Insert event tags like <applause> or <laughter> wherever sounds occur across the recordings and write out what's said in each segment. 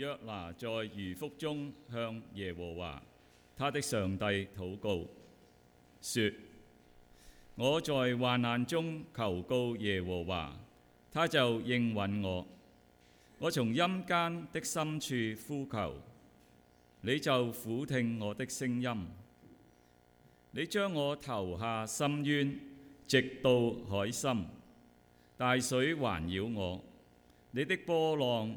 約拿在魚腹中向耶和華他的上帝禱告，說：我在患難中求告耶和華，他就應允我。我從陰間的深處呼求，你就俯聽我的聲音。你將我投下深淵，直到海深，大水環繞我，你的波浪。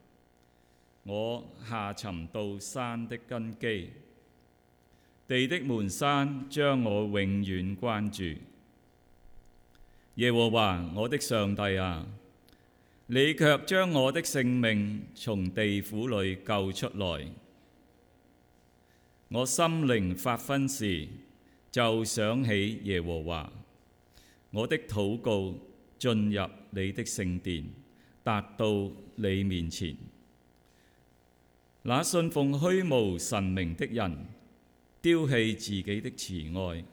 我下沉到山的根基，地的門閂將我永遠關住。耶和華我的上帝啊，你卻將我的性命從地府裏救出來。我心靈發昏時，就想起耶和華。我的禱告進入你的聖殿，達到你面前。那信奉虛無神明的人，丟棄自己的慈愛，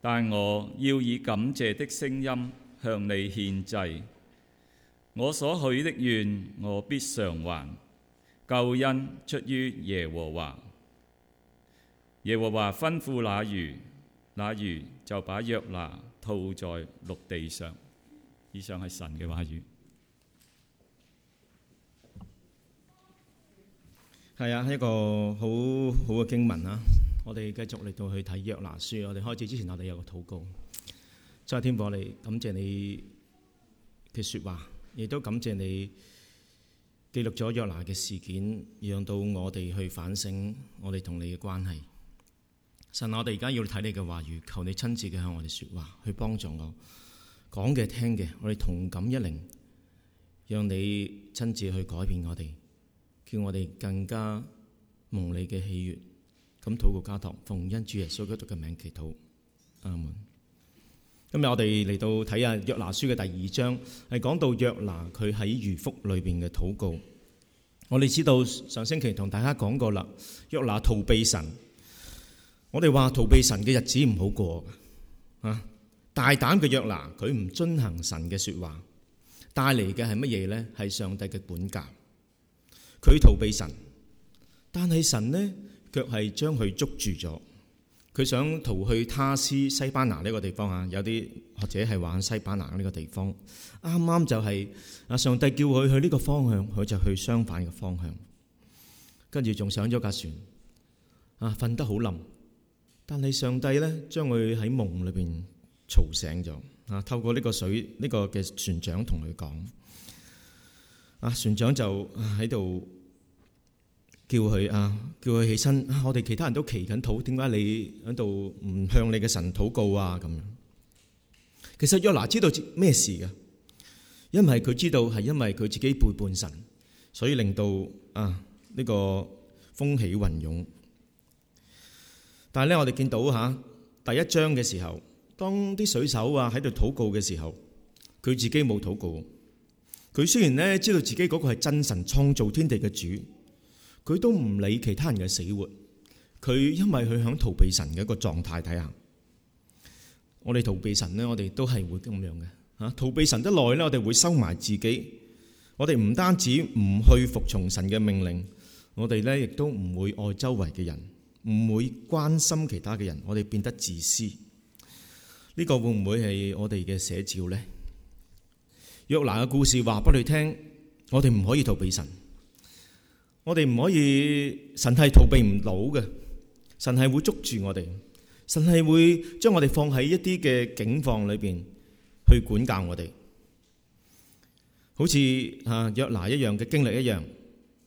但我要以感謝的聲音向你獻祭，我所許的願我必償還。救恩出於耶和華，耶和華吩咐那魚，那魚就把約拿吐在陸地上。以上係神嘅話語。係啊，一個好好嘅經文啦。我哋繼續嚟到去睇約拿書。我哋開始之前，我哋有個禱告。在天父，我哋你感謝你嘅說話，亦都感謝你記錄咗約拿嘅事件，讓到我哋去反省我哋同你嘅關係。神，我哋而家要睇你嘅話語，求你親自嘅向我哋說話，去幫助我講嘅聽嘅，我哋同感一靈，讓你親自去改變我哋。叫我哋更加蒙你嘅喜悅，咁禱告家堂，奉恩主耶穌基督嘅名祈禱，阿門。今日我哋嚟到睇下約拿書嘅第二章，係講到約拿佢喺魚腹裏邊嘅禱告。我哋知道上星期同大家講過啦，約拿逃避神。我哋話逃避神嘅日子唔好過啊！大膽嘅約拿，佢唔遵行神嘅說話，帶嚟嘅係乜嘢咧？係上帝嘅管教。佢逃避神，但係神呢，卻係將佢捉住咗。佢想逃去他斯西班牙呢個地方啊，有啲或者係話西班牙呢個地方，啱啱就係啊上帝叫佢去呢個方向，佢就去相反嘅方向，跟住仲上咗架船啊，瞓得好冧。但係上帝呢，將佢喺夢裏邊嘈醒咗啊，透過呢個水呢、這個嘅船長同佢講。啊！船長就喺度叫佢啊，叫佢起身、啊。我哋其他人都祈緊禱，點解你喺度唔向你嘅神禱告啊？咁樣，其實約拿知道咩事嘅？因為佢知道係因為佢自己背叛神，所以令到啊呢、這個風起雲湧。但係咧，我哋見到吓、啊、第一章嘅時候，當啲水手啊喺度禱告嘅時候，佢自己冇禱告。佢雖然咧，知道自己嗰個係真神創造天地嘅主，佢都唔理其他人嘅死活。佢因為佢響逃避神嘅一個狀態底下，我哋逃避神咧，我哋都係會咁樣嘅吓。逃避神得耐咧，我哋會收埋自己。我哋唔單止唔去服從神嘅命令，我哋咧亦都唔會愛周圍嘅人，唔會關心其他嘅人。我哋變得自私，呢個會唔會係我哋嘅寫照咧？約拿嘅故事話俾你聽，我哋唔可以逃避神，我哋唔可以神係逃避唔到嘅，神係會捉住我哋，神係會將我哋放喺一啲嘅境況裏邊去管教我哋，好似啊約拿一樣嘅經歷一樣，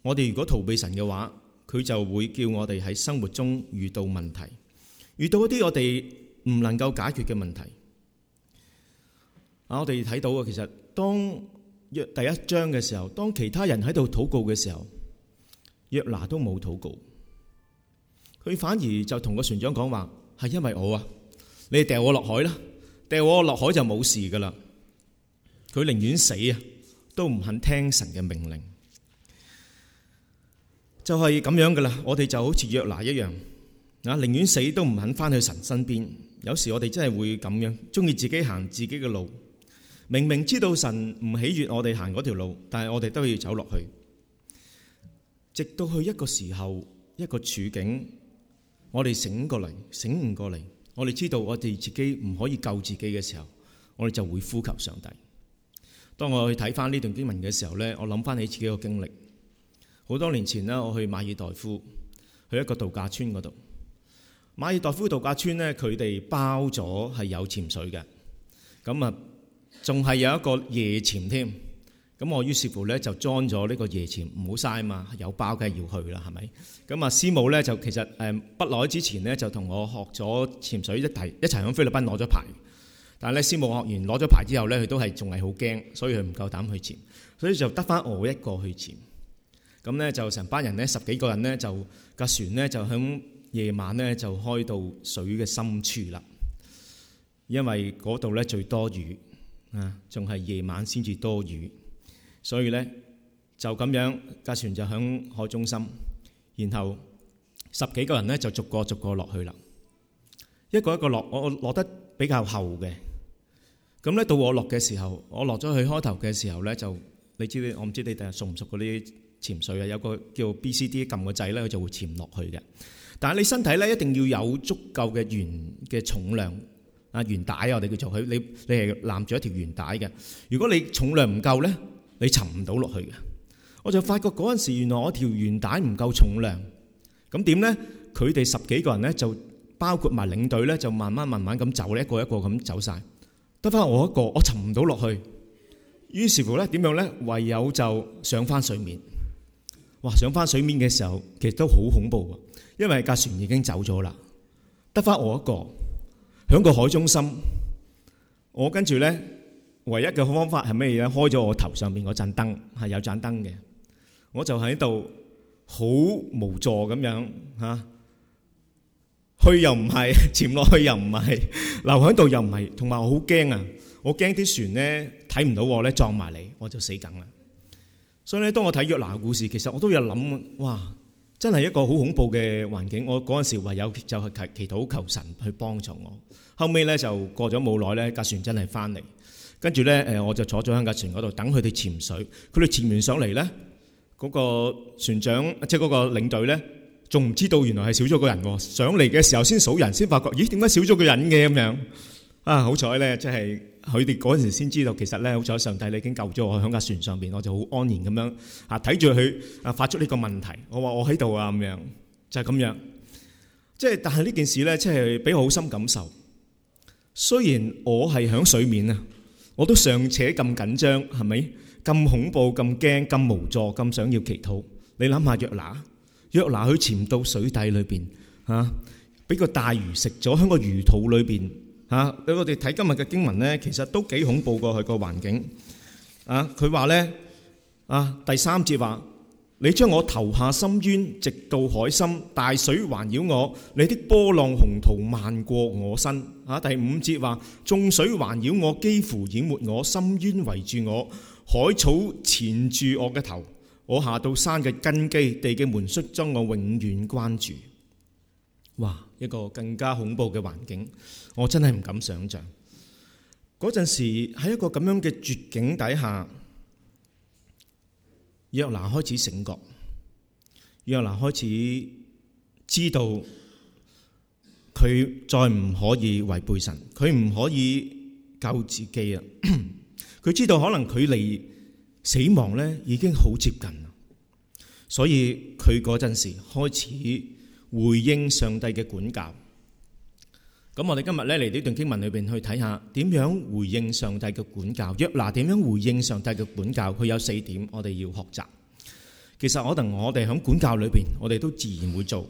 我哋如果逃避神嘅話，佢就會叫我哋喺生活中遇到問題，遇到一啲我哋唔能夠解決嘅問題。啊，我哋睇到啊，其實。當約第一章嘅時候，當其他人喺度禱告嘅時候，約拿都冇禱告。明明知道神唔喜悦我哋行嗰條路，但係我哋都要走落去，直到去一個時候、一個處境，我哋醒過嚟、醒悟過嚟，我哋知道我哋自己唔可以救自己嘅時候，我哋就會呼求上帝。當我去睇翻呢段經文嘅時候咧，我諗翻起自己個經歷，好多年前咧，我去馬爾代夫，去一個度假村嗰度，馬爾代夫度假村咧，佢哋包咗係有潛水嘅，咁啊。仲係有一個夜潛添，咁我於是乎咧就裝咗呢個夜潛，唔好嘥啊嘛，有包梗係要去啦，係咪？咁啊，師母咧就其實誒不耐之前咧就同我學咗潛水一提一齊響菲律賓攞咗牌，但係咧師母學完攞咗牌之後咧，佢都係仲係好驚，所以佢唔夠膽去潛，所以就得翻我一個去潛。咁咧就成班人咧，十幾個人咧，就架船咧就響夜晚咧就開到水嘅深處啦，因為嗰度咧最多魚。啊，仲係夜晚先至多雨，所以咧就咁樣，架船就響海中心，然後十幾個人咧就逐個逐個落去啦，一個一個落，我我落得比較後嘅，咁咧到我落嘅時候，我落咗去開頭嘅時候咧就，你知唔知？我唔知你哋係熟唔熟嗰啲潛水啊？有個叫 B C D 撳個掣咧，佢就會潛落去嘅，但係你身體咧一定要有足夠嘅鉛嘅重量。啊，鉛帶啊，我哋叫做佢，你你係攬住一條鉛帶嘅。如果你重量唔夠咧，你沉唔到落去嘅。我就發覺嗰陣時，原來我條鉛帶唔夠重量。咁點咧？佢哋十幾個人咧，就包括埋領隊咧，就慢慢慢慢咁走咧，一個一個咁走曬，得翻我一個，我沉唔到落去。於是乎咧，點樣咧？唯有就上翻水面。哇！上翻水面嘅時候，其實都好恐怖㗎，因為架船已經走咗啦，得翻我一個。喺個海中心，我跟住咧，唯一嘅方法係咩嘢咧？開咗我頭上面嗰盞燈，係有盞燈嘅，我就喺度好無助咁樣嚇，去又唔係，潛落去又唔係，留喺度又唔係，同埋我好驚啊！我驚啲船咧睇唔到我咧撞埋嚟，我就死梗啦。所以咧，當我睇約拿嘅故事，其實我都有諗哇～真係一個好恐怖嘅環境，我嗰陣時唯有就係祈禱求神去幫助我。後尾咧就過咗冇耐咧，架船真係翻嚟，跟住咧誒，我就坐咗喺架船嗰度等佢哋潛水。佢哋潛完上嚟咧，嗰個船長即係嗰個領隊咧，仲唔知道原來係少咗個人喎。上嚟嘅時候先數人，先發覺咦，點解少咗個人嘅？咁樣。啊，好彩咧，即係佢哋嗰陣時先知道，其實咧好彩上帝你已經救咗我喺架船上邊，我就好安然咁樣啊睇住佢啊發出呢個問題，我話我喺度啊咁樣就係咁樣，即係但係呢件事咧，即係俾我好深感受。雖然我係響水面啊，我都尚且咁緊張，係咪咁恐怖、咁驚、咁無助、咁想要祈禱？你諗下約拿，約拿佢潛到水底裏邊啊，俾個大魚食咗喺個魚肚裏邊。吓，俾我哋睇今日嘅經文咧，其實都幾恐怖過佢個環境。啊，佢話咧，啊第三節話，你將我投下深淵，直到海深，大水環繞我，你的波浪洪濤漫過我身。啊，第五節話，眾水環繞我，幾乎淹沒我，深淵圍住我，海草纏住我嘅頭，我下到山嘅根基，地嘅門閂將我永遠關住。哇。一個更加恐怖嘅環境，我真係唔敢想象。嗰陣時喺一個咁樣嘅絕境底下，約拿開始醒覺，約拿開始知道佢再唔可以違背神，佢唔可以救自己啊！佢 <coughs> 知道可能佢離死亡咧已經好接近，所以佢嗰陣時開始。回應上帝嘅管教，咁我哋今日咧嚟呢段經文裏邊去睇下點樣回應上帝嘅管教。約拿點樣回應上帝嘅管教？佢有四點，我哋要學習。其實可能我哋喺管教裏邊，我哋都自然會做，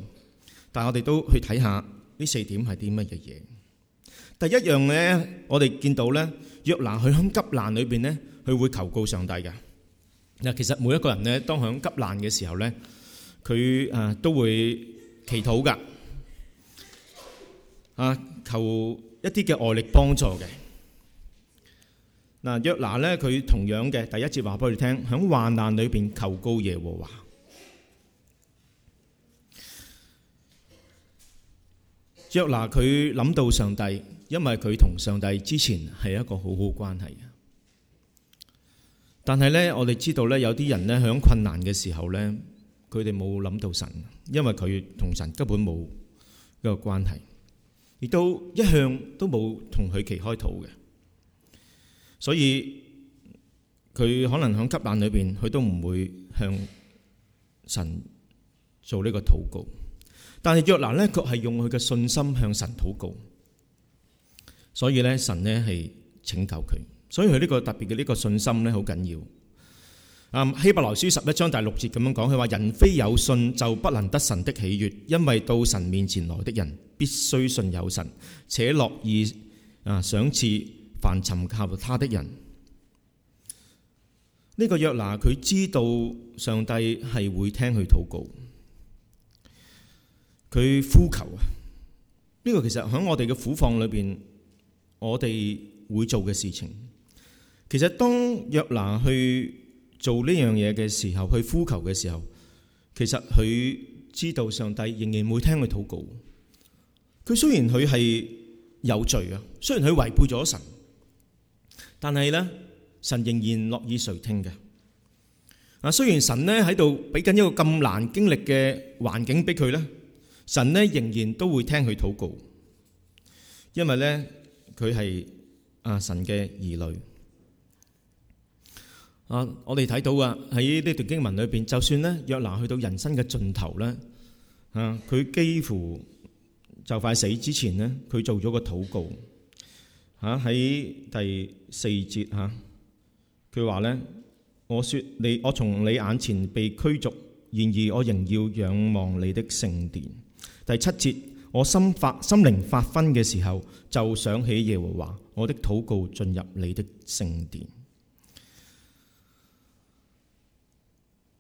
但係我哋都去睇下呢四點係啲乜嘢嘢。第一樣咧，我哋見到咧，約拿佢喺急難裏邊咧，佢會求告上帝嘅。嗱，其實每一個人咧，當響急難嘅時候咧，佢誒都會。祈禱噶啊，求一啲嘅外力幫助嘅。嗱、啊、約拿咧，佢同樣嘅，第一節話俾你聽，響患難裏邊求高耶和華。約拿佢諗到上帝，因為佢同上帝之前係一個好好關係嘅。但係咧，我哋知道咧，有啲人咧響困難嘅時候咧。佢哋冇諗到神，因為佢同神根本冇一個關係，亦都一向都冇同佢其開土嘅，所以佢可能響急難裏邊，佢都唔會向神做呢個禱告。但係約拿咧，卻係用佢嘅信心向神禱告，所以咧，神咧係拯救佢。所以佢呢個特別嘅呢個信心咧，好緊要。啊，希伯來書十一章第六節咁樣講，佢話人非有信就不能得神的喜悅，因為到神面前來的人必須信有神，且樂意啊賞賜凡尋求他的人。呢、這個約拿佢知道上帝係會聽佢禱告，佢呼求啊。呢、這個其實喺我哋嘅苦況裏邊，我哋會做嘅事情，其實當約拿去。做呢樣嘢嘅時候，去呼求嘅時候，其實佢知道上帝仍然會聽佢禱告。佢雖然佢係有罪啊，雖然佢違背咗神，但係咧神仍然樂意垂聽嘅。啊，雖然神咧喺度俾緊一個咁難經歷嘅環境俾佢咧，神咧仍然都會聽佢禱告，因為咧佢係啊神嘅兒女。啊！我哋睇到啊，喺呢段經文裏邊，就算呢約拿去到人生嘅盡頭呢，吓、啊、佢幾乎就快死之前呢，佢做咗個禱告。吓、啊、喺第四節吓，佢、啊、話呢：「我說你，我從你眼前被驅逐，然而我仍要仰望你的聖殿。」第七節，我心發心靈發昏嘅時候，就想起耶和華，我的禱告進入你的聖殿。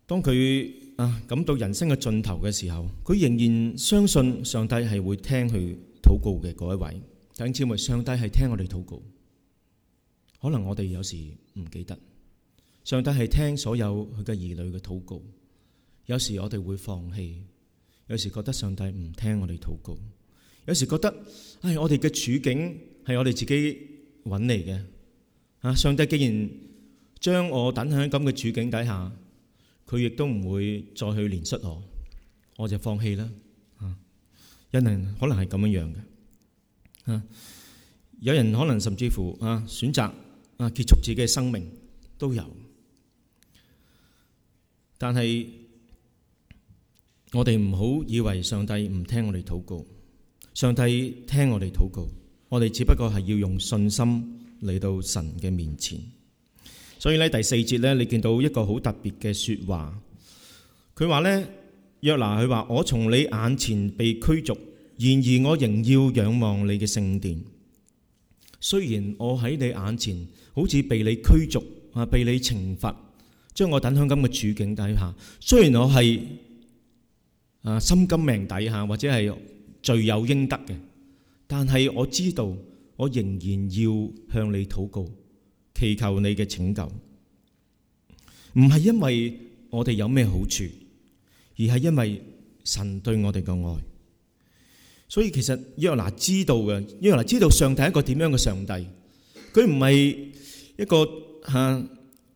當佢啊感到人生嘅盡頭嘅時候，佢仍然相信上帝係會聽佢禱告嘅嗰一位。等此，我哋上帝係聽我哋禱告。可能我哋有時唔記得，上帝係聽所有佢嘅兒女嘅禱告。有時我哋會放棄，有時覺得上帝唔聽我哋禱告，有時覺得唉、哎，我哋嘅處境係我哋自己揾嚟嘅啊。上帝既然將我等喺咁嘅處境底下。佢亦都唔會再去憐恤我，我就放棄啦。有、啊、人可能係咁樣嘅，啊，有人可能甚至乎啊選擇啊結束自己嘅生命都有。但係我哋唔好以為上帝唔聽我哋禱告，上帝聽我哋禱告，我哋只不過係要用信心嚟到神嘅面前。所以咧，第四節咧，你見到一個好特別嘅說話。佢話咧，約拿佢話，我從你眼前被驅逐，然而我仍要仰望你嘅聖殿。雖然我喺你眼前好似被你驅逐啊，被你懲罰，將我等向咁嘅處境底下，雖然我係啊心甘命底下，或者係罪有應得嘅，但係我知道我仍然要向你禱告，祈求你嘅拯救，唔係因為我哋有咩好處，而係因為神對我哋嘅愛。所以其實約拿知道嘅，約拿知道上帝係一個點樣嘅上帝。佢唔係一個吓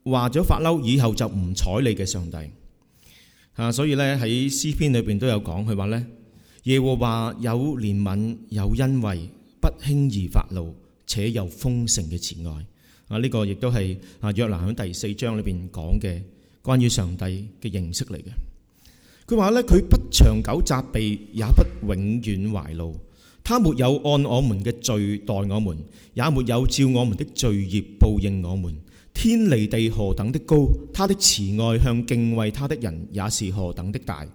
話咗發嬲以後就唔睬你嘅上帝吓、啊。所以咧喺詩篇裏邊都有講，佢話咧，耶和華有憐憫，有恩惠，不輕易發怒，且有豐盛嘅慈愛。啊！呢個亦都係啊約拿喺第四章裏邊講嘅關於上帝嘅認識嚟嘅。佢話咧：佢不長久責備，也不永遠懷怒；他沒有按我們嘅罪待我們，也沒有照我們的罪孽報應我們。天離地何等的高，他的慈愛向敬畏他的人也是何等的大。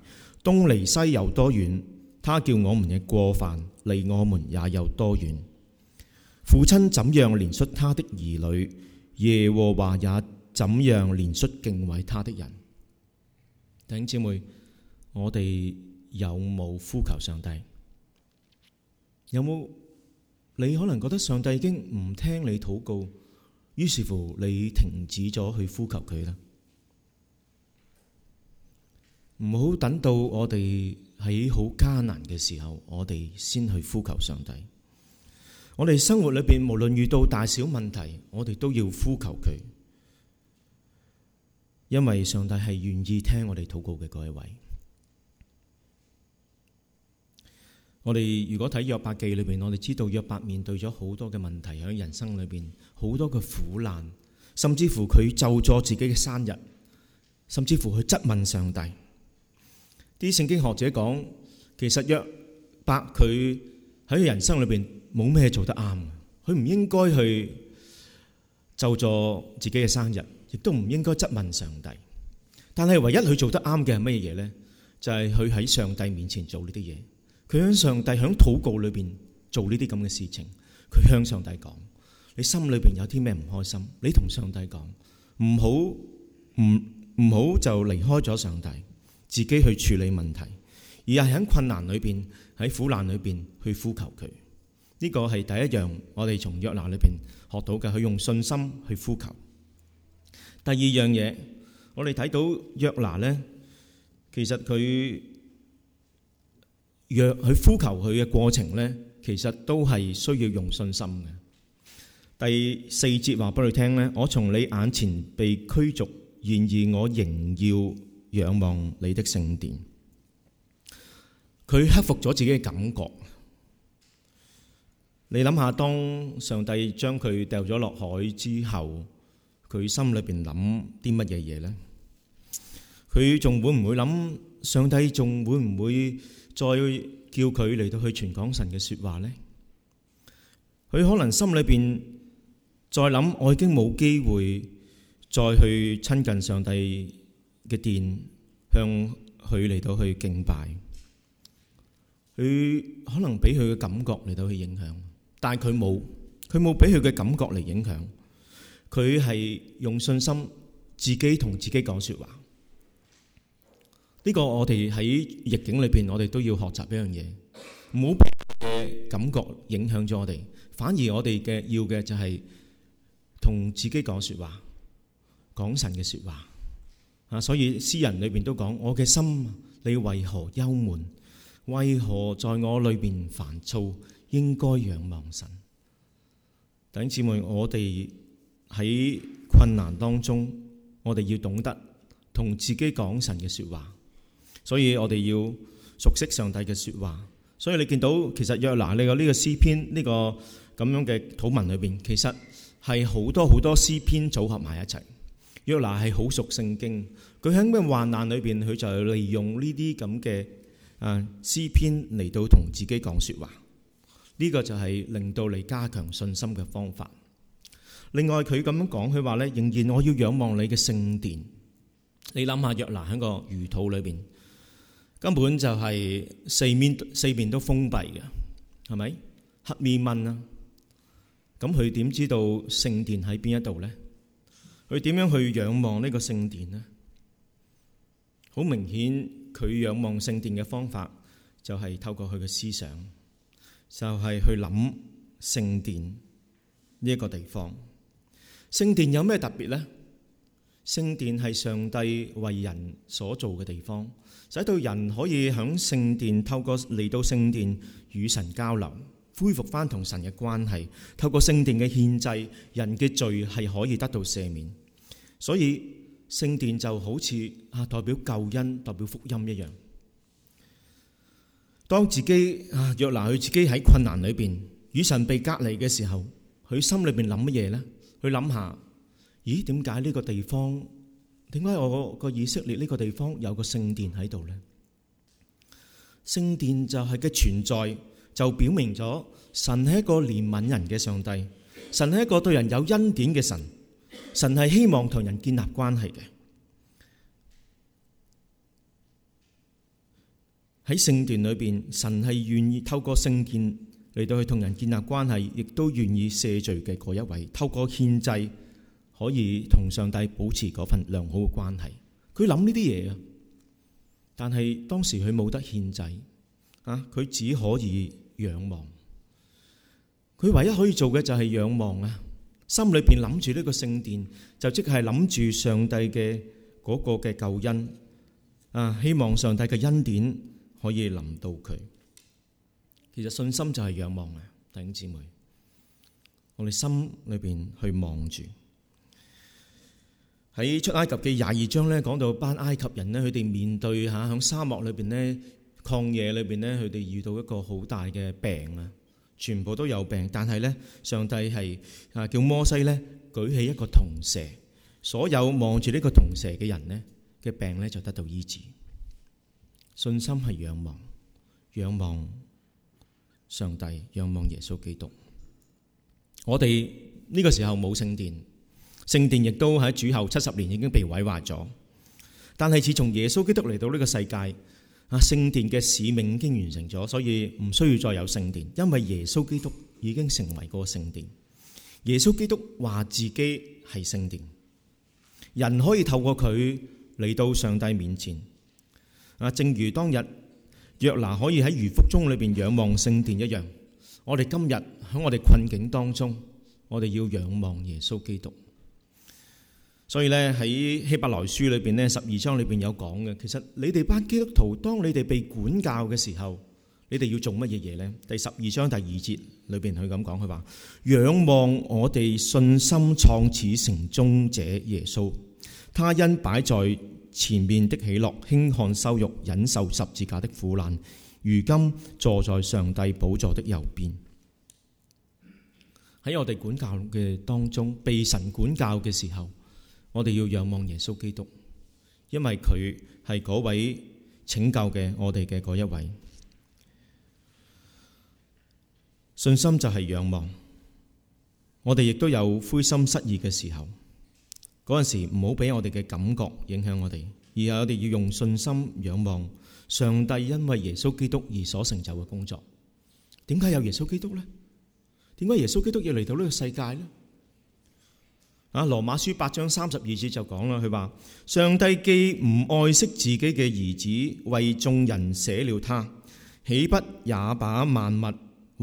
東離西有多遠，他叫我們嘅過犯離我們也有多遠。父親怎樣憐恤他的兒女，耶和華也怎樣憐恤敬畏他的人。弟兄姐妹，我哋有冇呼求上帝？有冇你可能覺得上帝已經唔聽你禱告，於是乎你停止咗去呼求佢啦？唔好等到我哋喺好艱難嘅時候，我哋先去呼求上帝。我哋生活裏邊，無論遇到大小問題，我哋都要呼求佢，因為上帝係願意聽我哋禱告嘅。各位，我哋如果睇約伯記裏邊，我哋知道約伯面對咗好多嘅問題喺人生裏邊，好多嘅苦難，甚至乎佢咒咗自己嘅生日，甚至乎佢質問上帝。啲聖經學者講，其實約伯佢。喺佢人生裏邊冇咩做得啱，佢唔應該去就座自己嘅生日，亦都唔應該質問上帝。但係唯一佢做得啱嘅係乜嘢咧？就係佢喺上帝面前做呢啲嘢。佢喺上帝喺禱告裏邊做呢啲咁嘅事情。佢向上帝講：你心裏邊有啲咩唔開心？你同上帝講，唔好唔唔好就離開咗上帝，自己去處理問題。而係喺困難裏邊，喺苦難裏邊去呼求佢，呢、呢個係第一樣我哋從約拿裏邊學到嘅，佢用信心去呼求。第二樣嘢，我哋睇到約拿呢，其實佢若去呼求佢嘅過程呢，其實都係需要用信心嘅。第四節話俾你聽呢：「我從你眼前被驅逐，然而我仍要仰望你的聖殿。佢克服咗自己嘅感覺，你諗下，當上帝將佢掉咗落海之後，佢心裏邊諗啲乜嘢嘢呢？佢仲會唔會諗上帝仲會唔會再叫佢嚟到去傳講神嘅說話呢？佢可能心裏邊再諗，我已經冇機會再去親近上帝嘅殿，向佢嚟到去敬拜。佢可能俾佢嘅感覺嚟到去影響，但係佢冇，佢冇俾佢嘅感覺嚟影響。佢係用信心自己同自己講說話。呢個我哋喺逆境裏邊，我哋都要學習一樣嘢，唔好俾嘅感覺影響咗我哋。反而我哋嘅要嘅就係同自己講說話，講神嘅說話。啊，所以詩人裏邊都講：我嘅心，你為何憂悶？為何在我裏邊煩躁？應該仰望神。弟兄姊妹，我哋喺困難當中，我哋要懂得同自己講神嘅說話，所以我哋要熟悉上帝嘅說話。所以你見到其實約拿呢個呢個詩篇呢、呢個咁樣嘅禱文裏邊，其實係好多好多詩篇組合埋一齊。約拿係好熟聖經，佢喺咩患難裏邊，佢就利用呢啲咁嘅。誒、啊，詩篇嚟到同自己講說話，呢、這個就係令到你加強信心嘅方法。另外佢咁樣講，佢話咧，仍然我要仰望你嘅聖殿。你諗下，約拿喺個魚肚裏邊，根本就係四面四面都封閉嘅，係咪？黑面蚊啊，咁佢點知道聖殿喺邊一度咧？佢點樣去仰望呢個聖殿呢？好明顯。佢仰望聖殿嘅方法就係透過佢嘅思想，就係去諗聖殿呢一個地方。聖殿有咩特別呢？聖殿係上帝為人所做嘅地方，使到人可以響聖殿透過嚟到聖殿與神交流，恢復翻同神嘅關係。透過聖殿嘅獻祭，人嘅罪係可以得到赦免。所以聖殿就好似啊代表救恩、代表福音一樣。當自己啊約拿佢自己喺困難裏邊與神被隔離嘅時候，佢心裏邊諗乜嘢呢？佢諗下，咦？點解呢個地方？點解我個以色列呢個地方有個聖殿喺度呢？聖殿就係嘅存在就表明咗神係一個憐憫人嘅上帝，神係一個對人有恩典嘅神。神係希望同人建立關係嘅，喺聖殿裏邊，神係願意透過聖殿嚟到去同人建立關係，亦都願意赦罪嘅嗰一位，透過獻祭可以同上帝保持嗰份良好嘅關係。佢諗呢啲嘢啊，但係當時佢冇得獻祭啊，佢只可以仰望。佢唯一可以做嘅就係仰望啊。心裏邊諗住呢個聖殿，就即係諗住上帝嘅嗰個嘅救恩啊！希望上帝嘅恩典可以臨到佢。其實信心就係仰望啊，弟兄姊妹，我哋心裏邊去望住喺出埃及嘅廿二章咧，講到班埃及人咧，佢哋面對吓喺沙漠裏邊咧，曠野裏邊咧，佢哋遇到一個好大嘅病啊！全部都有病，但係咧，上帝係啊叫摩西咧舉起一個銅蛇，所有望住呢個銅蛇嘅人呢，嘅病咧就得到醫治。信心係仰望，仰望上帝，仰望耶穌基督。我哋呢個時候冇聖殿，聖殿亦都喺主後七十年已經被毀壞咗，但係自從耶穌基督嚟到呢個世界。聖殿嘅使命已經完成咗，所以唔需要再有聖殿，因為耶穌基督已經成為個聖殿。耶穌基督話自己係聖殿，人可以透過佢嚟到上帝面前。啊，正如當日約拿可以喺魚腹中裏邊仰望聖殿一樣，我哋今日喺我哋困境當中，我哋要仰望耶穌基督。所以呢，喺希伯來書裏邊呢，十二章裏邊有講嘅，其實你哋班基督徒，當你哋被管教嘅時候，你哋要做乜嘢嘢呢？第十二章第二節裏邊佢咁講，佢話仰望我哋信心創始成終者耶穌，他因擺在前面的喜樂輕看羞辱，忍受十字架的苦難，如今坐在上帝寶座的右邊。喺我哋管教嘅當中，被神管教嘅時候。我哋要仰望耶穌基督，因為佢係嗰位拯救嘅我哋嘅嗰一位。信心就係仰望。我哋亦都有灰心失意嘅時候，嗰陣時唔好俾我哋嘅感覺影響我哋，而係我哋要用信心仰望上帝，因為耶穌基督而所成就嘅工作。點解有耶穌基督呢？點解耶穌基督要嚟到呢個世界呢？啊，《羅馬書》八章三十二節就講啦，佢話：上帝既唔愛惜自己嘅兒子，為眾人捨了他，豈不也把萬物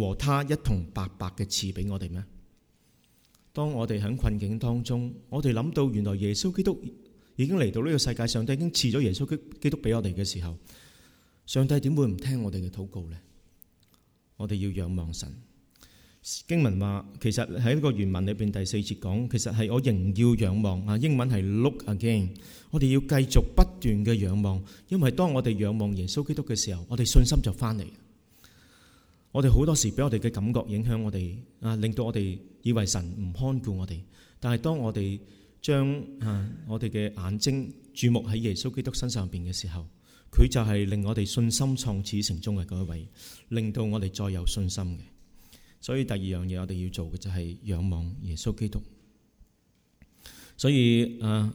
和他一同白白嘅賜俾我哋咩？當我哋喺困境當中，我哋諗到原來耶穌基督已經嚟到呢個世界，上帝已經賜咗耶穌基督俾我哋嘅時候，上帝點會唔聽我哋嘅禱告呢？我哋要仰望神。經文話，其實喺呢個原文裏邊第四節講，其實係我仍要仰望啊。英文係 look again，我哋要繼續不斷嘅仰望，因為當我哋仰望耶穌基督嘅時候，我哋信心就翻嚟。我哋好多時俾我哋嘅感覺影響我哋啊，令到我哋以為神唔看顧我哋。但係當我哋將、啊、我哋嘅眼睛注目喺耶穌基督身上邊嘅時候，佢就係令我哋信心創始成終嘅嗰一位，令到我哋再有信心嘅。所以第二樣嘢，我哋要做嘅就係仰望耶穌基督。所以啊，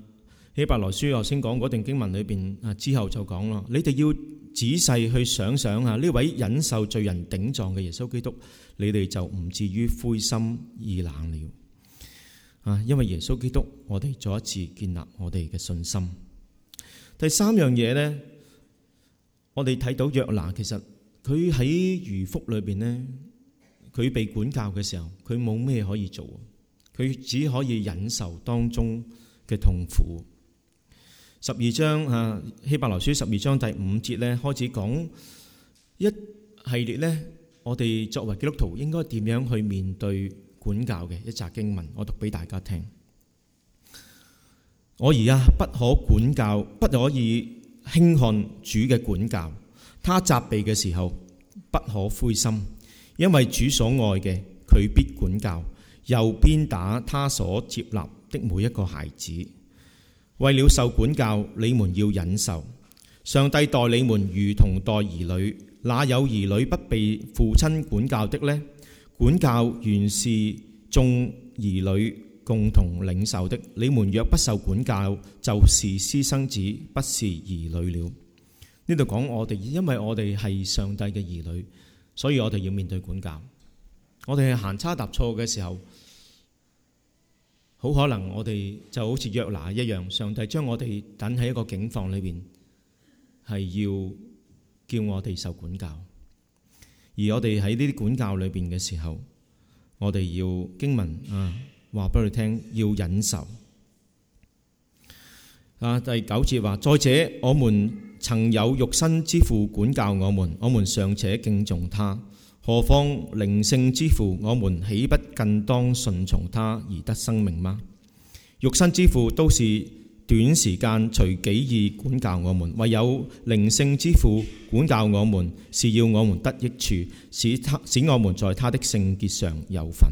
喺希伯來書我先講嗰段經文裏邊啊，之後就講咯。你哋要仔細去想想啊，呢位忍受罪人頂撞嘅耶穌基督，你哋就唔至於灰心意冷了啊。因為耶穌基督，我哋再一次建立我哋嘅信心。第三樣嘢咧，我哋睇到約拿，其實佢喺魚腹裏邊咧。佢被管教嘅時候，佢冇咩可以做，佢只可以忍受當中嘅痛苦。十二章吓希、啊、希伯來書十二章第五節咧，開始講一系列咧，我哋作為基督徒應該點樣去面對管教嘅一集經文，我讀俾大家聽。我而家不可管教，不可以輕看主嘅管教，他責備嘅時候，不可灰心。因為主所愛嘅，佢必管教，又鞭打他所接納的每一個孩子。為了受管教，你們要忍受。上帝待你們如同待兒女，哪有兒女不被父親管教的呢？管教原是眾兒女共同領受的。你們若不受管教，就是私生子，不是兒女了。呢度講我哋，因為我哋係上帝嘅兒女。所以我哋要面對管教，我哋喺行差踏錯嘅時候，好可能我哋就好似約拿一樣，上帝將我哋等喺一個警房裏邊，係要叫我哋受管教。而我哋喺呢啲管教裏邊嘅時候，我哋要經文啊話俾佢聽，要忍受。啊，第九節話，再者我們。曾有肉身之父管教我們，我們尚且敬重他，何況靈性之父？我們豈不更當順從他而得生命嗎？肉身之父都是短時間隨己意管教我們，唯有靈性之父管教我們，是要我們得益處，使他使我們在他的聖潔上有份。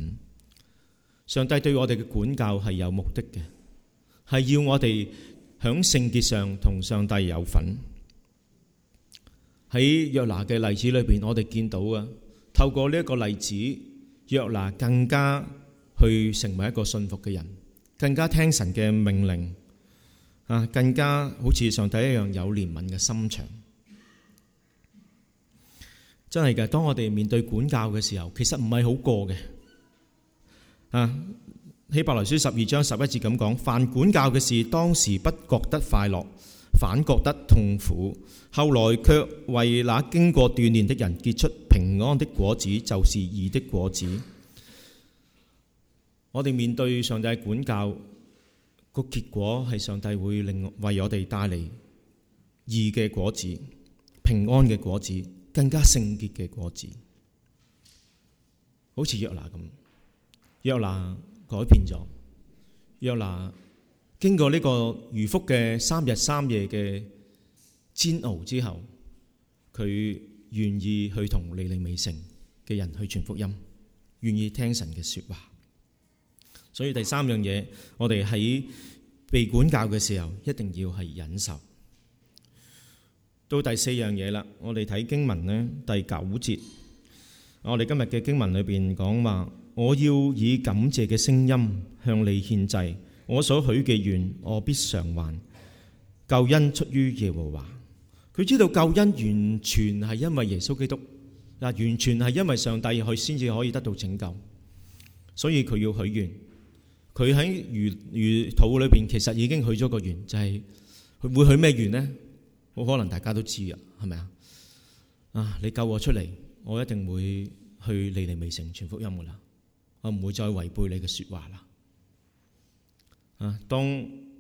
上帝對我哋嘅管教係有目的嘅，係要我哋響聖潔上同上帝有份。喺約拿嘅例子裏邊，我哋見到啊，透過呢一個例子，約拿更加去成為一個信服嘅人，更加聽神嘅命令，啊，更加好似上帝一樣有憐憫嘅心腸。真係嘅，當我哋面對管教嘅時候，其實唔係好過嘅。啊，希伯來書十二章十一節咁講：「凡管教嘅事，當時不覺得快樂。反覺得痛苦，後來卻為那經過鍛煉的人結出平安的果子，就是義的果子。我哋面對上帝嘅管教，個結果係上帝會令為我哋帶嚟義嘅果子、平安嘅果子、更加聖潔嘅果子，好似約拿咁。約拿改變咗，約拿。經過呢個魚腹嘅三日三夜嘅煎熬之後，佢願意去同尼尼微城嘅人去傳福音，願意聽神嘅說話。所以第三樣嘢，我哋喺被管教嘅時候，一定要係忍受。到第四樣嘢啦，我哋睇經文呢。第九節，我哋今日嘅經文裏邊講話，我要以感謝嘅聲音向你獻祭。我所許嘅願，我必償還。救恩出於耶和華，佢知道救恩完全係因為耶穌基督，嗱完全係因為上帝去先至可以得到拯救，所以佢要許願。佢喺魚魚肚裏邊，其實已經許咗個願，就係佢會許咩願呢？好可能大家都知啊，係咪啊？啊，你救我出嚟，我一定會去尼尼微成全福音噶啦，我唔會再違背你嘅說話啦。啊！當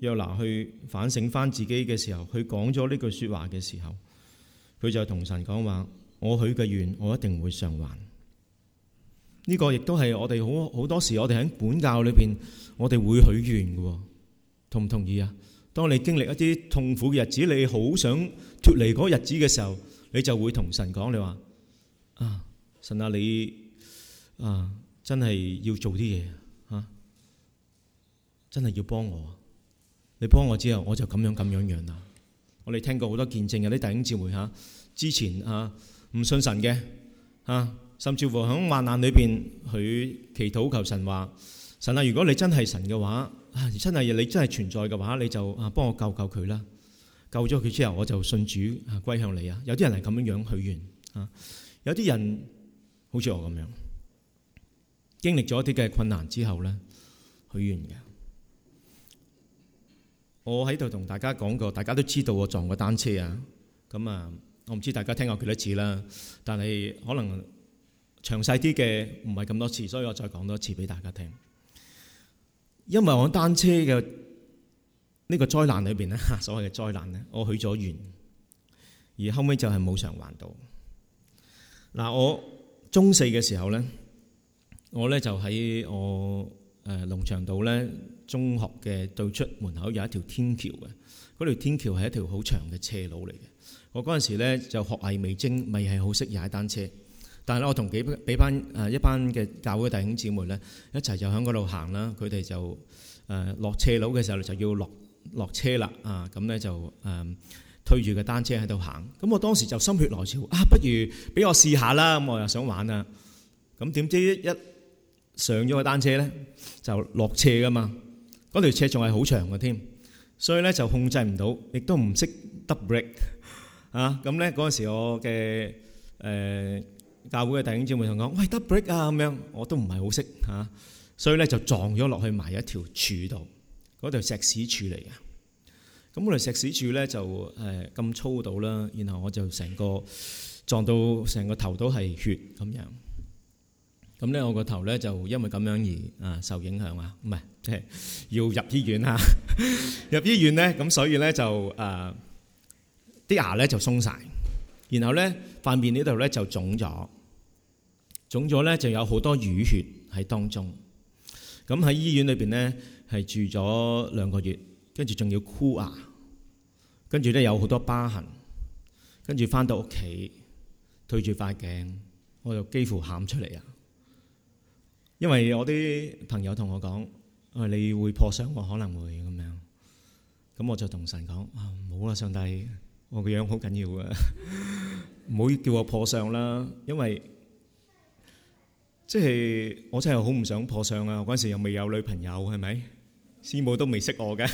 約拿去反省翻自己嘅時候，佢講咗呢句說話嘅時候，佢就同神講話：我許嘅願，我一定會償還。呢、這個亦都係我哋好好多時，我哋喺本教裏邊，我哋會許願嘅、哦。同唔同意啊？當你經歷一啲痛苦嘅日子，你好想脱離嗰日子嘅時候，你就會同神講：你話啊，神啊，你啊，真係要做啲嘢。真係要幫我，你幫我之後，我這樣這樣，我就咁樣咁樣樣啦。我哋聽過好多見證，有啲弟兄姊妹吓，之前吓唔、啊、信神嘅，啊，甚至乎響患難裏邊佢祈禱求神話，神啊，如果你真係神嘅話，啊，真係你真係存在嘅話，你就啊幫我救救佢啦。救咗佢之後，我就信主啊歸向你啊。有啲人係咁樣樣許願啊，有啲人好似我咁樣，經歷咗一啲嘅困難之後咧，許願嘅。我喺度同大家講過，大家都知道我撞過單車啊。咁、嗯、啊、嗯，我唔知大家聽過幾多次啦。但係可能詳細啲嘅唔係咁多次，所以我再講多次俾大家聽。因為我單車嘅呢個災難裏邊咧，所謂嘅災難咧，我許咗願，而後尾就係冇償還到。嗱、啊，我中四嘅時候咧，我咧就喺我誒農場道咧，中學嘅對出門口有一條天橋嘅，嗰條天橋係一條好長嘅斜路嚟嘅。我嗰陣時咧就學藝未精，未係好識踩單車。但係咧，我同幾班俾班誒一班嘅教會弟兄姊妹咧一齊就喺嗰度行啦。佢哋就誒落、呃、斜路嘅時候就要落落車啦。啊，咁、嗯、咧就誒、呃、推住個單車喺度行。咁、嗯、我當時就心血來潮，啊不如俾我試下啦！咁、嗯、我又想玩啊。咁點知一,一上咗個單車咧，就落斜噶嘛，嗰條斜仲係好長嘅添，所以咧就控制唔到，亦都唔識 double break 啊！咁咧嗰陣時，我嘅誒教會嘅弟兄姊妹同我講：喂，double break 啊！咁樣我都唔係好識嚇，所以咧就撞咗落去埋一條柱度，嗰條石屎柱嚟嘅。咁嗰條石屎柱咧就誒咁粗度啦，然後我就成個撞到成個頭都係血咁樣。咁咧，我個頭咧就因為咁樣而啊受影響啊，唔係即係要入醫院啊。 <laughs> 入醫院咧，咁所以咧就誒啲、呃、牙咧就鬆晒。然後咧塊面呢度咧就腫咗，腫咗咧就有好多淤血喺當中。咁喺醫院裏邊咧係住咗兩個月，跟住仲要箍牙，跟住咧有好多疤痕，跟住翻到屋企對住塊鏡，我就幾乎喊出嚟啊！因為我啲朋友同我講，你會破相，我可能會咁樣，咁我就同神講，冇啦，上帝，我個樣好緊要呀，唔好叫我破相啦。因為即係我真係好唔想破相啊。嗰時又未有女朋友，係咪？師母都未識我嘅，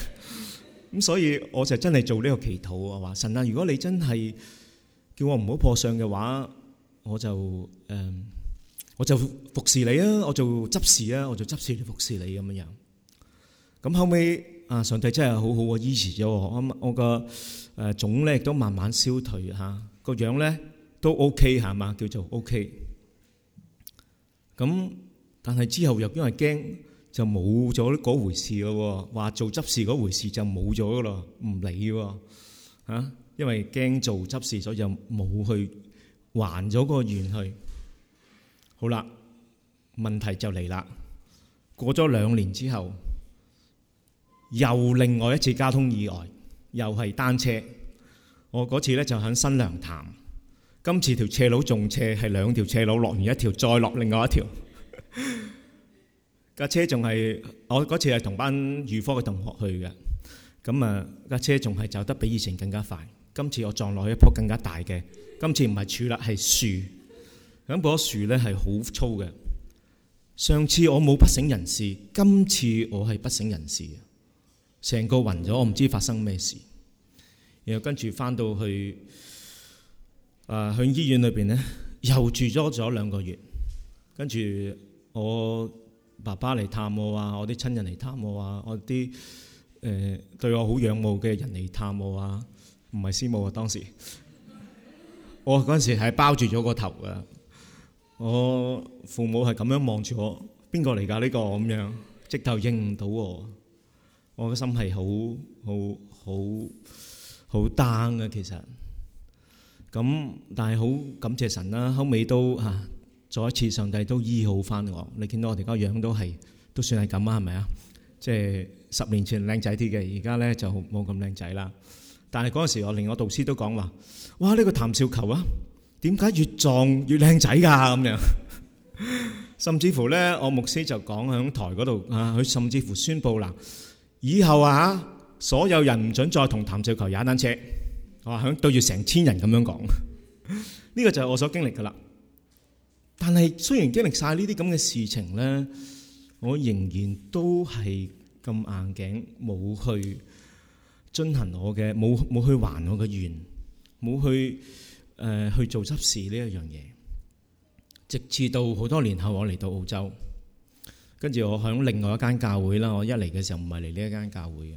咁所以我就真係做呢個祈禱，我話神啊，如果你真係叫我唔好破相嘅話，我就誒。我就服侍你啊，我做執事啊，我做執事嚟服侍你咁樣樣。咁後尾啊，上帝真係好好啊，醫治咗我。咁我個誒腫咧亦都慢慢消退吓，個樣咧都 OK 係嘛，叫做 OK。咁但係之後又因為驚就冇咗嗰回事咯，話做執事嗰回事就冇咗噶啦，唔理啊，因為驚做執事所以就冇去還咗個願去。好啦，問題就嚟啦。過咗兩年之後，又另外一次交通意外，又係單車。我嗰次咧就喺新娘潭，今次條斜路仲斜，係兩條斜路落完一條，再落另外一條。架 <laughs> 車仲係我嗰次係同班預科嘅同學去嘅，咁啊架車仲係走得比以前更加快。今次我撞落去一樖更加大嘅，今次唔係柱喇，係樹。咁棵樹咧係好粗嘅。上次我冇不省人事，今次我係不省人事，成個暈咗，我唔知發生咩事。然後跟住翻到去，啊、呃，去醫院裏邊咧，又住咗咗兩個月。跟住我爸爸嚟探我啊，我啲親人嚟探我啊，我啲誒、呃、對我好仰慕嘅人嚟探我啊，唔係師母啊，當時我嗰時係包住咗個頭嘅。我父母係咁樣望住我，邊個嚟，噶呢個咁樣，即頭認唔到我，我嘅心係好好好好 down 嘅其實。咁但係好感謝神啦，後尾都吓，再一次上帝都醫好翻我。你見到我哋家樣都係，都算係咁啊，係咪啊？即係十年前靚仔啲嘅，而家咧就冇咁靚仔啦。但係嗰時我連我導師都講話，哇呢個譚紹球啊！點解越撞越靚仔噶咁樣？甚至乎咧，我牧師就講喺台嗰度啊，佢甚至乎宣布啦，以後啊，所有人唔准再同譚紹球踩單車。我話響對住成千人咁樣講，呢個就係我所經歷噶啦。但係雖然經歷晒呢啲咁嘅事情咧，我仍然都係咁硬頸，冇去進行我嘅，冇冇去還我嘅願，冇去。誒、呃、去做執事呢一樣嘢，直至到好多年後，我嚟到澳洲，跟住我響另外一間教會啦。我一嚟嘅時候唔係嚟呢一間教會嘅，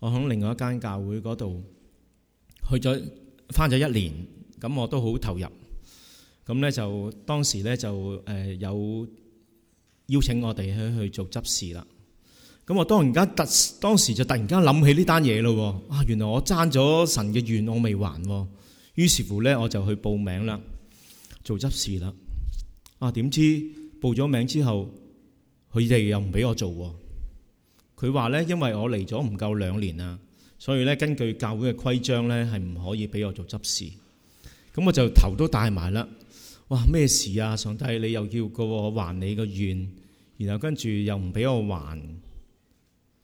我響另外一間教會嗰度去咗返咗一年，咁我都好投入。咁咧就當時咧就誒、呃、有邀請我哋去去做執事啦。咁我當突然間突當時就突然間諗起呢單嘢咯，啊原來我爭咗神嘅願我未還喎、哦。於是乎咧，我就去報名啦，做執事啦。啊，點知報咗名之後，佢哋又唔俾我做喎。佢話咧，因為我嚟咗唔夠兩年啦，所以咧根據教會嘅規章咧，係唔可以俾我做執事。咁、嗯、我就頭都大埋啦。哇，咩事啊？上帝，你又要個我還你個願，然後跟住又唔俾我還。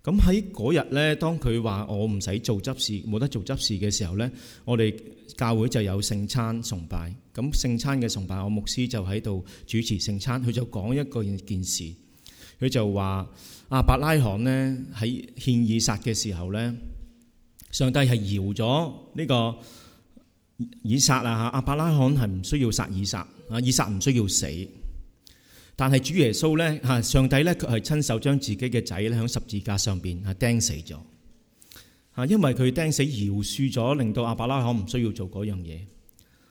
咁喺嗰日咧，當佢話我唔使做執事，冇得做執事嘅時候咧，我哋教會就有聖餐崇拜。咁聖餐嘅崇拜，我牧師就喺度主持聖餐，佢就講一個件事。佢就話：亞伯拉罕呢，喺獻以撒嘅時候咧，上帝係饒咗呢個以撒啊！哈，亞伯拉罕係唔需要殺以撒，啊，以撒唔需要死。但係主耶穌咧，吓上帝咧，佢係親手將自己嘅仔咧喺十字架上邊啊釘死咗，啊因為佢釘死饒恕咗，令到阿伯拉罕唔需要做嗰樣嘢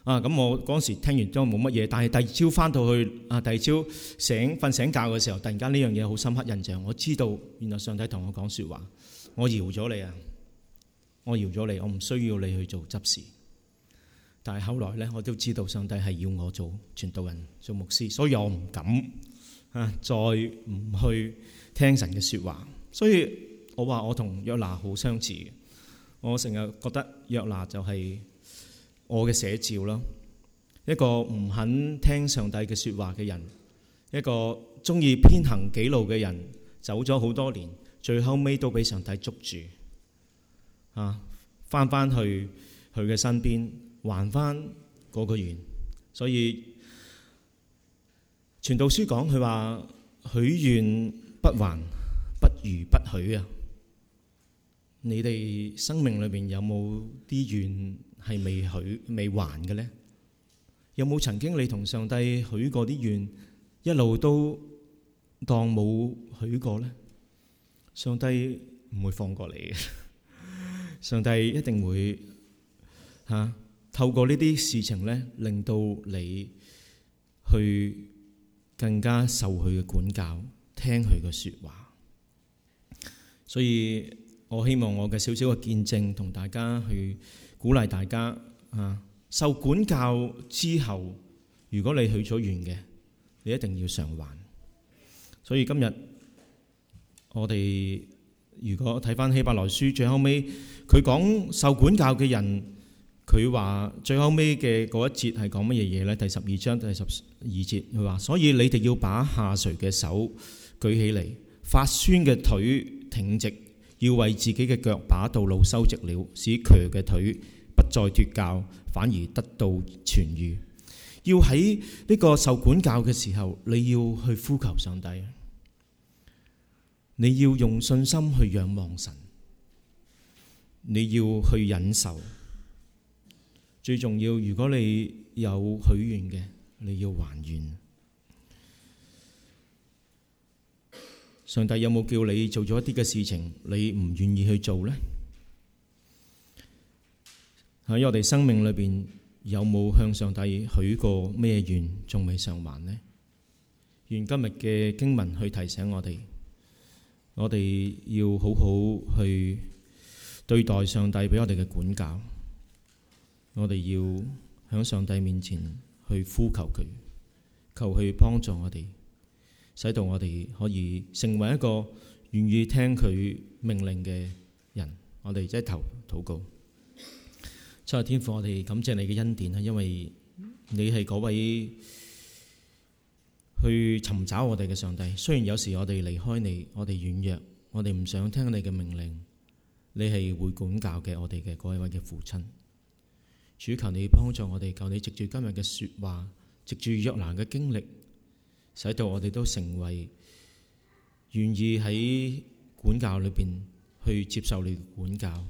啊！咁我嗰時聽完都冇乜嘢，但係第二朝翻到去啊，第二朝醒瞓醒,醒覺嘅時候，突然間呢樣嘢好深刻印象，我知道原來上帝同我講說話，我饒咗你啊，我饒咗你，我唔需要你去做執事。但係後來咧，我都知道上帝係要我做傳道人、做牧師，所以我唔敢啊，再唔去聽神嘅說話。所以我話我同約拿好相似，我成日覺得約拿就係我嘅寫照啦。一個唔肯聽上帝嘅說話嘅人，一個中意偏行己路嘅人，走咗好多年，最後尾都俾上帝捉住，啊，翻翻去佢嘅身邊。還返嗰個願，所以傳道書講佢話許願不還，不如不許啊！你哋生命裏面有冇啲願係未許未還嘅咧？有冇曾經你同上帝許過啲願，一路都當冇許過咧？上帝唔會放過你嘅，上帝一定會吓。啊透過呢啲事情咧，令到你去更加受佢嘅管教，聽佢嘅說話。所以我希望我嘅少少嘅見證，同大家去鼓勵大家啊！受管教之後，如果你許咗願嘅，你一定要償還。所以今日我哋如果睇翻希伯來書最後尾，佢講受管教嘅人。佢話最後尾嘅嗰一節係講乜嘢嘢呢？第十二章第十二節佢話所以你哋要把下垂嘅手舉起嚟，發酸嘅腿挺直，要為自己嘅腳把道路修直了，使瘸嘅腿不再脫臼，反而得到痊癒。要喺呢個受管教嘅時候，你要去呼求上帝，你要用信心去仰望神，你要去忍受。最重要，如果你有許願嘅，你要還願。上帝有冇叫你做咗一啲嘅事情，你唔願意去做呢？喺我哋生命裏面，有冇向上帝許過咩願，仲未償還呢？願今日嘅經文去提醒我哋，我哋要好好去對待上帝俾我哋嘅管教。我哋要響上帝面前去呼求佢，求去幫助我哋，使到我哋可以成為一個願意聽佢命令嘅人。我哋即係求禱告，親愛嘅 <coughs> 天父，我哋感謝你嘅恩典啊！因為你係嗰位去尋找我哋嘅上帝。雖然有時我哋離開你，我哋軟弱，我哋唔想聽你嘅命令，你係會管教嘅我哋嘅嗰一位嘅父親。主求你幫助我哋，求你藉住今日嘅說話，藉住約拿嘅經歷，使到我哋都成為願意喺管教裏邊去接受你嘅管教，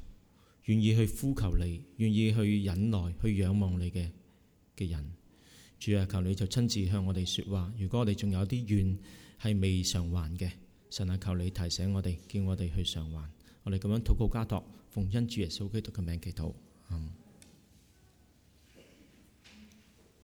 願意去呼求你，願意去忍耐，去仰望你嘅嘅人。主啊，求你就親自向我哋說話。如果我哋仲有啲願係未償還嘅，神啊，求你提醒我哋，叫我哋去償還。我哋咁樣禱告交託，奉恩主耶穌基督嘅名祈禱。